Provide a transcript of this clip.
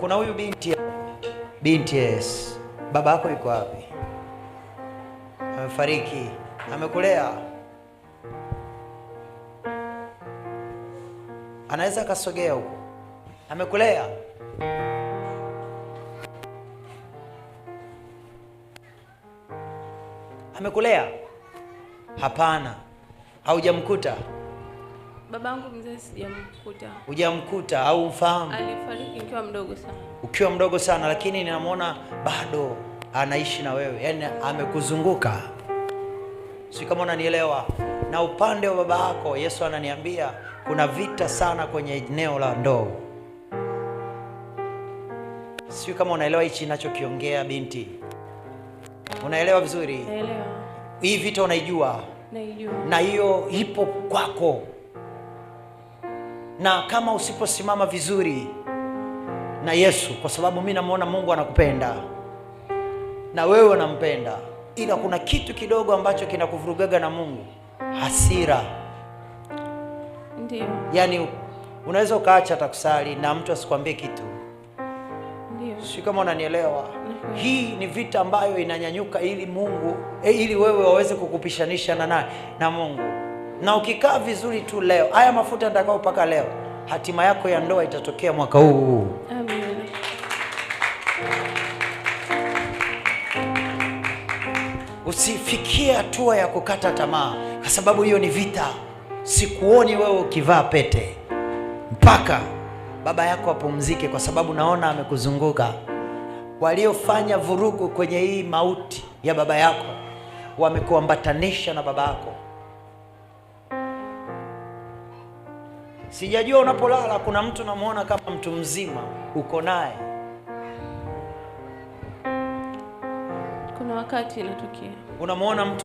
kuna huyu binti binti, yes. Baba yako yuko wapi? Amefariki? Amekulea? Anaweza akasogea huko? Amekulea? Amekulea? Hapana, haujamkuta. Babangu mzee sijamkuta. Hujamkuta au mfahamu? Alifariki ukiwa mdogo sana. Ukiwa mdogo sana, lakini ninamwona bado anaishi na wewe, yaani amekuzunguka, si kama unanielewa. Na upande wa baba yako, Yesu ananiambia kuna vita sana kwenye eneo la ndoa. Sijui kama unaelewa hichi ninachokiongea binti, unaelewa vizuri? Naelewa. Hii vita unaijua? Naijua. Na hiyo ipo kwako na kama usiposimama vizuri na Yesu, kwa sababu mi namwona Mungu anakupenda na wewe unampenda, ila kuna kitu kidogo ambacho kinakuvurugaga na Mungu, hasira. Ndiyo. Yani unaweza ukaacha hata kusali na mtu asikwambie kitu. Si kama unanielewa? Hii ni vita ambayo inanyanyuka ili Mungu eh, ili wewe waweze kukupishanisha na naye na Mungu na ukikaa vizuri tu leo, haya mafuta paka leo, hatima yako ya ndoa itatokea mwaka huu. Amen. Usifikie hatua ya kukata tamaa, kwa sababu hiyo ni vita. Sikuoni wewe ukivaa pete mpaka baba yako apumzike, kwa sababu naona amekuzunguka. Waliofanya vurugu kwenye hii mauti ya baba yako wamekuambatanisha na baba yako. Sijajua unapolala kuna mtu namwona kama mtu mzima uko naye. Kuna wakati inatokea unamwona mtu